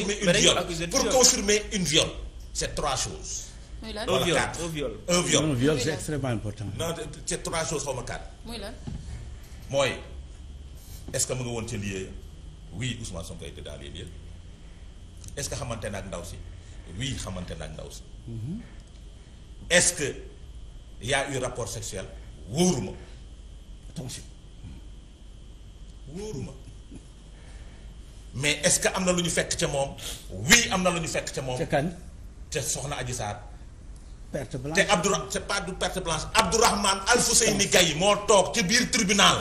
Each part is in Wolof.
une viol pour confirmer une viol c'est trois choses. muy lan un viol un viol. un viol un viol c'est extrêmement important. non c'est trois choses xaw ma quatre. muy mooy est-ce que mu nga woon ci lieu oui Ousmane Sonko était dans les lieux est-ce que xamante na ak ndaw si oui xamante na ak ndaw si. Mm-hmm. est-ce que y a eu rapport sexuel wóoruma attention wóoruma. mais est-ce que am na lu ñu fekk ca moom oui am na lu ñu fekk ca moom. ca kan ca Soxna Adji Sarr. perte blanche te Abdou c'est pas du perte blanche Abdourahmane Alfousseyni Gaye moo toog ci biir tribunal.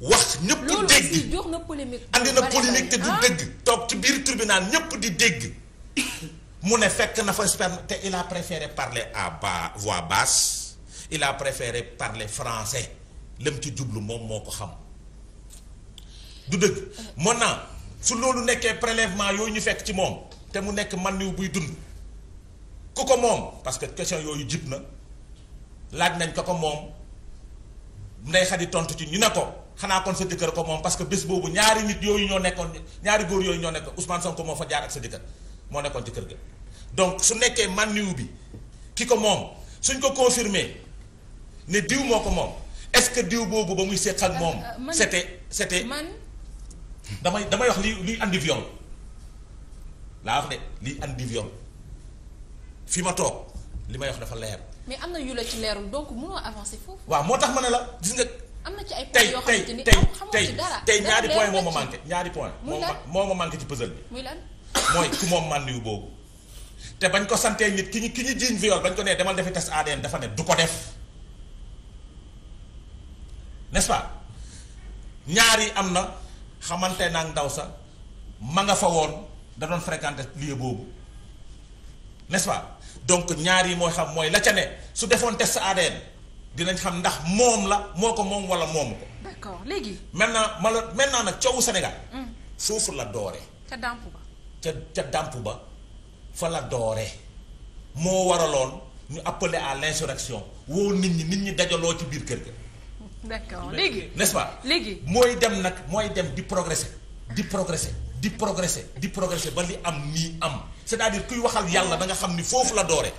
wax ñëpp dégg loolu na polémique. andi na te du dégg. toog ci biir tribunal ñëpp di dégg mu ne fekk na fa sperme te il a préféré parler à bas voix basse il a préféré parler français lam ci jublu moom moo ko xam du dëgg maintenant. su loolu nekkee prélèvement yooyu ñu fekk ci moom te mu nekk man niw buy dund ku ko moom parce que question yooyu jib na laaj nañ ko ko moom ndey xadi tontu ci ñu ne ko xanaa koon sa jëkkër ko moom parce que bés boobu ñaari nit yooyu ñoo nekkoon ñaari góor yooyu ñoo nekkoon Ousmane ko moo fa jaar ak sa jëkkër moo nekkoon ci kër ga donc su nekkee man niw bi ki ko moom suñ ko confirmer ne diw moo ko moom est-ce que diw boobu ba muy set ak moom euh, euh, c'était c'était damay damay wax li liy andi viol laa wax de liy andi viol fi ma toog li may wax dafa leer. mais am na yu la ci leerul donc mënoo avancer foofu. waaw moo tax ma ne la gis nga. am na ci ay points yoo xamante ni am ne ci dara tey tey tey ñaari point moo ma manqué ñaari point moo ma ma manqué boobu. te bañ ko santee ki ñu ki ñu bañ ko nee demal defi test ADN dafa ne du ko def n'est-ce ñaari am na. xamante naa ndaw sax ma nga fa woon da doon fréquenté lieu boobu n'est-ce donc ñaar yi mooy xam mooy la ca ne su defoon test ADN dinañ xam ndax moom la moo ko moom wala moomu ko. d'accord léegi. maintenant ma la nag coowu senegal hmm. foofu la doore. ca dàmp ba. ca ca dàmp ba fa la doore moo waraloon ñu appeler à l'insurrection woo nit ñi nit ñi dajaloo ci biir kër ga. d'accord léegi n'est-ce pas. léegi mooy dem nag mooy dem di progressé di progresser di progresser di progresser ba li am nii am c'est-à-dire kuy waxal yàlla da nga xam ni foofu la doore.